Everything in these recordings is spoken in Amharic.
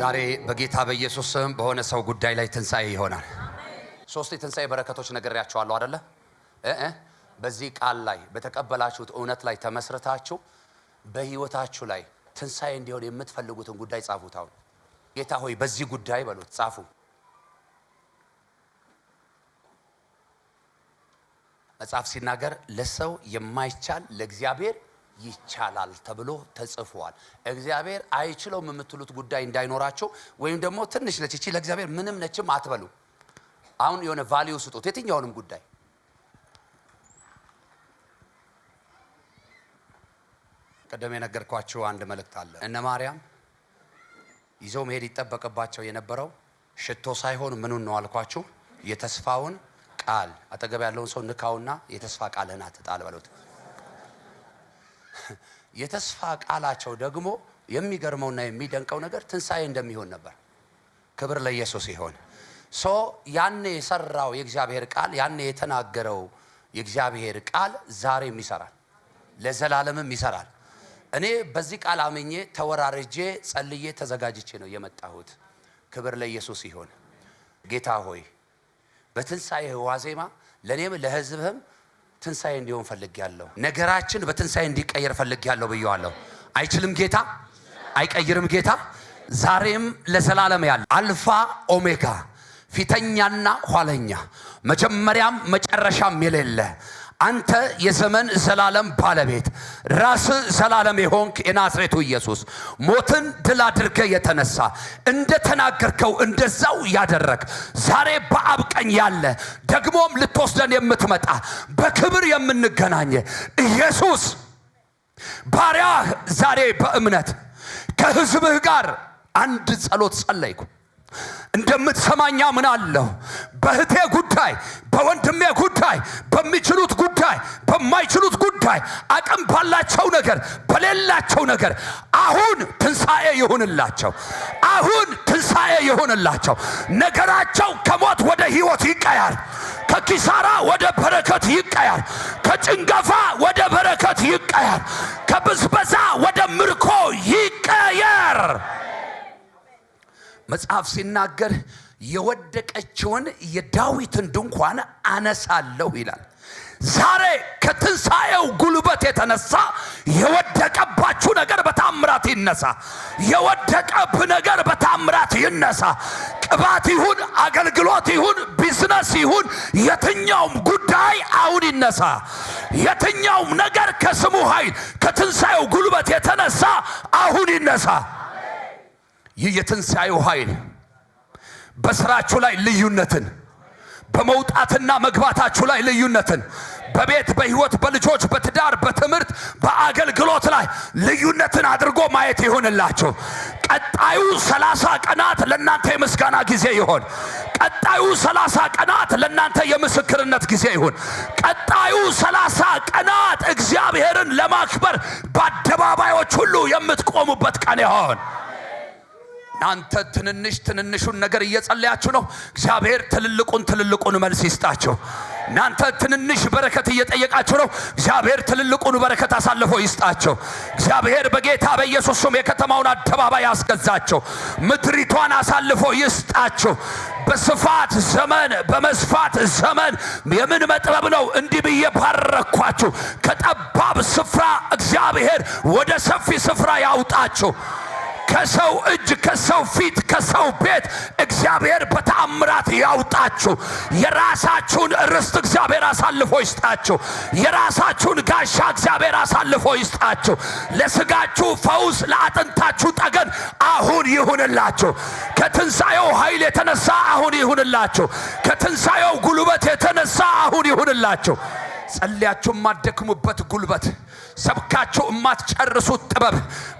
ዛሬ በጌታ በኢየሱስ ስም በሆነ ሰው ጉዳይ ላይ ትንሣኤ ይሆናል። ሶስት የትንሣኤ በረከቶች ነግሬያቸዋለሁ አደለ? በዚህ ቃል ላይ በተቀበላችሁት እውነት ላይ ተመስርታችሁ በህይወታችሁ ላይ ትንሣኤ እንዲሆን የምትፈልጉትን ጉዳይ ጻፉት። አሁን ጌታ ሆይ በዚህ ጉዳይ በሉት፣ ጻፉ። መጽሐፍ ሲናገር ለሰው የማይቻል ለእግዚአብሔር ይቻላል ተብሎ ተጽፏል። እግዚአብሔር አይችለውም የምትሉት ጉዳይ እንዳይኖራቸው ወይም ደግሞ ትንሽ ነች እቺ ለእግዚአብሔር ምንም ነችም አትበሉ። አሁን የሆነ ቫሊዩ ስጡት፣ የትኛውንም ጉዳይ ቀደም የነገርኳቸው አንድ መልእክት አለ። እነ ማርያም ይዘው መሄድ ይጠበቅባቸው የነበረው ሽቶ ሳይሆን ምኑን ነው አልኳችሁ? የተስፋውን ቃል አጠገብ ያለውን ሰው ንካውና የተስፋ ቃልህን አትጣል በሉት። የተስፋ ቃላቸው ደግሞ የሚገርመውና የሚደንቀው ነገር ትንሣኤ እንደሚሆን ነበር። ክብር ለኢየሱስ ይሆን። ሶ ያኔ የሰራው የእግዚአብሔር ቃል ያኔ የተናገረው የእግዚአብሔር ቃል ዛሬም ይሰራል፣ ለዘላለምም ይሰራል። እኔ በዚህ ቃል አምኜ ተወራርጄ ጸልዬ ተዘጋጅቼ ነው የመጣሁት። ክብር ለኢየሱስ ይሆን። ጌታ ሆይ በትንሣኤ ዋዜማ ለእኔም ለሕዝብህም ትንሣኤ እንዲሆን ፈልጌያለሁ። ነገራችን በትንሣኤ እንዲቀየር ፈልጌያለሁ ብየዋለሁ። አይችልም ጌታ፣ አይቀይርም ጌታ። ዛሬም ለዘላለም ያለ አልፋ ኦሜጋ ፊተኛና ኋለኛ መጀመሪያም መጨረሻም የሌለ አንተ የዘመን ዘላለም ባለቤት ራስ ዘላለም የሆንክ የናዝሬቱ ኢየሱስ ሞትን ድል አድርገ የተነሳ እንደ ተናገርከው እንደዛው ያደረግ ዛሬ በአብ ቀኝ ያለ ደግሞም ልትወስደን የምትመጣ በክብር የምንገናኘ ኢየሱስ ባሪያህ ዛሬ በእምነት ከህዝብህ ጋር አንድ ጸሎት ጸለይኩ። እንደምትሰማኛ ምን አለሁ በእህቴ ጉዳይ፣ በወንድሜ ጉዳይ፣ በሚችሉት ጉዳይ፣ በማይችሉት ጉዳይ፣ አቅም ባላቸው ነገር፣ በሌላቸው ነገር አሁን ትንሣኤ ይሁንላቸው። አሁን ትንሣኤ ይሁንላቸው። ነገራቸው ከሞት ወደ ሕይወት ይቀያል። ከኪሳራ ወደ በረከት ይቀያል። ከጭንገፋ ወደ በረከት ይቀያል። ከብዝበዛ መጽሐፍ ሲናገር የወደቀችውን የዳዊትን ድንኳን አነሳለሁ ይላል። ዛሬ ከትንሣኤው ጉልበት የተነሳ የወደቀባችሁ ነገር በታምራት ይነሳ። የወደቀብ ነገር በታምራት ይነሳ። ቅባት ይሁን፣ አገልግሎት ይሁን፣ ቢዝነስ ይሁን፣ የትኛውም ጉዳይ አሁን ይነሳ። የትኛውም ነገር ከስሙ ኃይል ከትንሣኤው ጉልበት የተነሳ አሁን ይነሳ። ይህ የትንሣኤው ኃይል በስራችሁ ላይ ልዩነትን፣ በመውጣትና መግባታችሁ ላይ ልዩነትን፣ በቤት በህይወት በልጆች በትዳር በትምህርት በአገልግሎት ላይ ልዩነትን አድርጎ ማየት ይሆንላችሁ። ቀጣዩ ሰላሳ ቀናት ለእናንተ የምስጋና ጊዜ ይሆን። ቀጣዩ ሰላሳ ቀናት ለእናንተ የምስክርነት ጊዜ ይሁን። ቀጣዩ ሰላሳ ቀናት እግዚአብሔርን ለማክበር በአደባባዮች ሁሉ የምትቆሙበት ቀን ይሆን። እናንተ ትንንሽ ትንንሹን ነገር እየጸለያችሁ ነው። እግዚአብሔር ትልልቁን ትልልቁን መልስ ይስጣችሁ። እናንተ ትንንሽ በረከት እየጠየቃችሁ ነው። እግዚአብሔር ትልልቁን በረከት አሳልፎ ይስጣቸው። እግዚአብሔር በጌታ በኢየሱስ ስም የከተማውን አደባባይ ያስገዛቸው። ምድሪቷን አሳልፎ ይስጣችሁ። በስፋት ዘመን፣ በመስፋት ዘመን የምን መጥበብ ነው? እንዲህ ብዬ ባረኳችሁ። ከጠባብ ስፍራ እግዚአብሔር ወደ ሰፊ ስፍራ ያውጣችሁ። ከሰው እጅ፣ ከሰው ፊት፣ ከሰው ቤት እግዚአብሔር በተአምራት ያውጣችሁ። የራሳችሁን ርስት እግዚአብሔር አሳልፎ ይስጣችሁ። የራሳችሁን ጋሻ እግዚአብሔር አሳልፎ ይስጣችሁ። ለስጋችሁ ፈውስ፣ ለአጥንታችሁ ጠገን አሁን ይሁንላችሁ። ከትንሣኤው ኃይል የተነሳ አሁን ይሁንላችሁ። ከትንሣኤው ጉልበት የተነሳ አሁን ይሁንላችሁ። ጸልያችሁ የማትደክሙበት ጉልበት፣ ሰብካችሁ የማትጨርሱት ጥበብ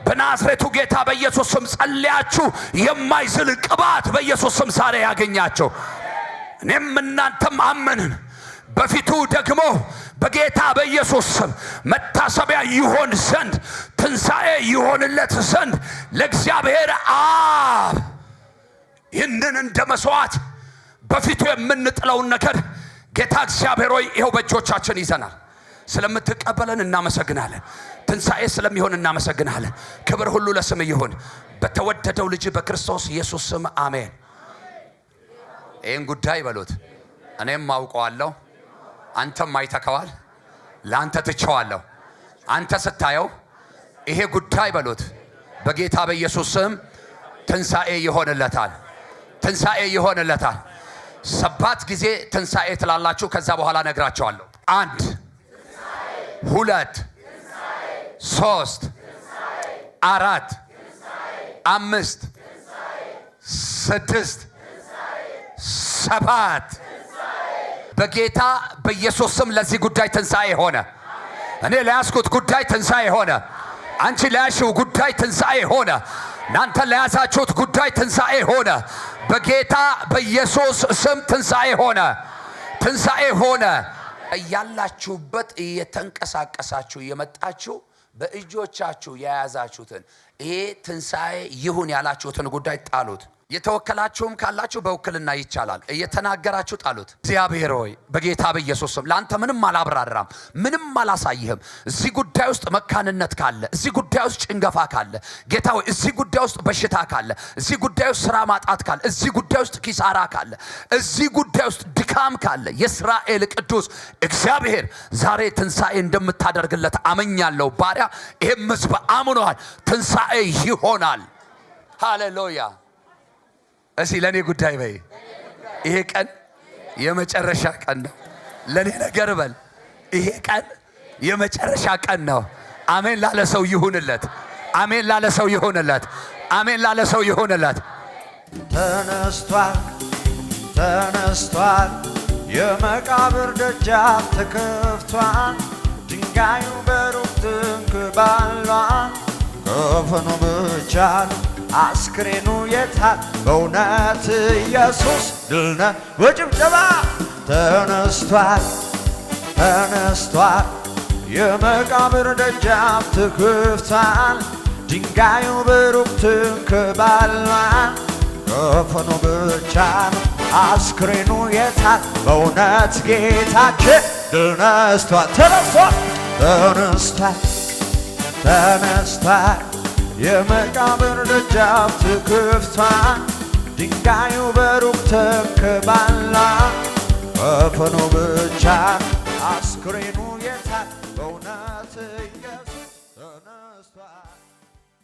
በናዝሬቱ ጌታ በኢየሱስ ስም ጸልያችሁ የማይዝል ቅባት በኢየሱስ ስም ዛሬ ያገኛቸው። እኔም እናንተም አመንን። በፊቱ ደግሞ በጌታ በኢየሱስ ስም መታሰቢያ ይሆን ዘንድ ትንሣኤ ይሆንለት ዘንድ ለእግዚአብሔር አብ ይህንን እንደ መሥዋዕት በፊቱ የምንጥለውን ነገር ጌታ እግዚአብሔር ሆይ ይኸው በእጆቻችን ይዘናል። ስለምትቀበለን እናመሰግናለን። ትንሣኤ ስለሚሆን እናመሰግናለን። ክብር ሁሉ ለስም ይሁን፣ በተወደደው ልጅ በክርስቶስ ኢየሱስ ስም አሜን። ይህን ጉዳይ በሉት፣ እኔም አውቀዋለሁ፣ አንተም አይተከዋል፣ ለአንተ ትቸዋለሁ። አንተ ስታየው ይሄ ጉዳይ በሉት፣ በጌታ በኢየሱስ ስም ትንሣኤ ይሆንለታል፣ ትንሣኤ ይሆንለታል። ሰባት ጊዜ ትንሣኤ ትላላችሁ። ከዛ በኋላ ነግራቸዋለሁ። አንድ፣ ሁለት፣ ሶስት፣ አራት፣ አምስት፣ ስድስት፣ ሰባት በጌታ በኢየሱስ ስም ለዚህ ጉዳይ ትንሣኤ ሆነ። እኔ ለያዝኩት ጉዳይ ትንሣኤ ሆነ። አንቺ ለያሽው ጉዳይ ትንሣኤ ሆነ። እናንተ ለያዛችሁት ጉዳይ ትንሣኤ ሆነ። በጌታ በኢየሱስ ስም ትንሣኤ ሆነ፣ ትንሣኤ ሆነ። እያላችሁበት እየተንቀሳቀሳችሁ እየመጣችሁ በእጆቻችሁ የያዛችሁትን ይሄ ትንሣኤ ይሁን ያላችሁትን ጉዳይ ጣሉት። የተወከላችሁም ካላችሁ በውክልና ይቻላል። እየተናገራችሁ ጣሉት። እግዚአብሔር ሆይ በጌታ በኢየሱስም ለአንተ ምንም አላብራራም፣ ምንም አላሳይህም። እዚህ ጉዳይ ውስጥ መካንነት ካለ፣ እዚህ ጉዳይ ውስጥ ጭንገፋ ካለ፣ ጌታ ሆይ እዚህ ጉዳይ ውስጥ በሽታ ካለ፣ እዚህ ጉዳይ ውስጥ ስራ ማጣት ካለ፣ እዚህ ጉዳይ ውስጥ ኪሳራ ካለ፣ እዚህ ጉዳይ ውስጥ ድካም ካለ የእስራኤል ቅዱስ እግዚአብሔር ዛሬ ትንሣኤ እንደምታደርግለት አመኛለሁ። ባሪያ ይህም ህዝብ አምኖሃል። ትንሣኤ ይሆናል። ሃሌሉያ እሺ ለእኔ ጉዳይ በይ። ይሄ ቀን የመጨረሻ ቀን ነው። ለእኔ ነገር በል። ይሄ ቀን የመጨረሻ ቀን ነው። አሜን ላለ ሰው ይሁንለት። አሜን ላለ ሰው ይሁንለት። አሜን ላለ ሰው ይሁንለት። ተነስቷል፣ ተነስቷል። የመቃብር ደጃፍ ተከፍቷል። ድንጋዩ በሩቅ ትንክ ባሏል። ከፈኑ ብቻ ነው አስክሬኑ የታል? በእውነት ኢየሱስ ድል ነው። በጭብጨባ ተነስቷል፣ ተነስቷል። የመቃብር ደጃፍ ተከፍቷል። ድንጋዩ ብሩክ ተንከባሏል። ከፈኑ ብቻ ነው አስክሬኑ የታል? በእውነት ጌታችን ድል ነስቷል፣ ተነስቷል፣ ተነስቷል፣ ተነስቷል የመቃብር ደጃፍ ትክፍታ ድንጋዩ በሩቅ ተከባላ ከፈኖ ብቻ አስክሬኑ የታል በእውነት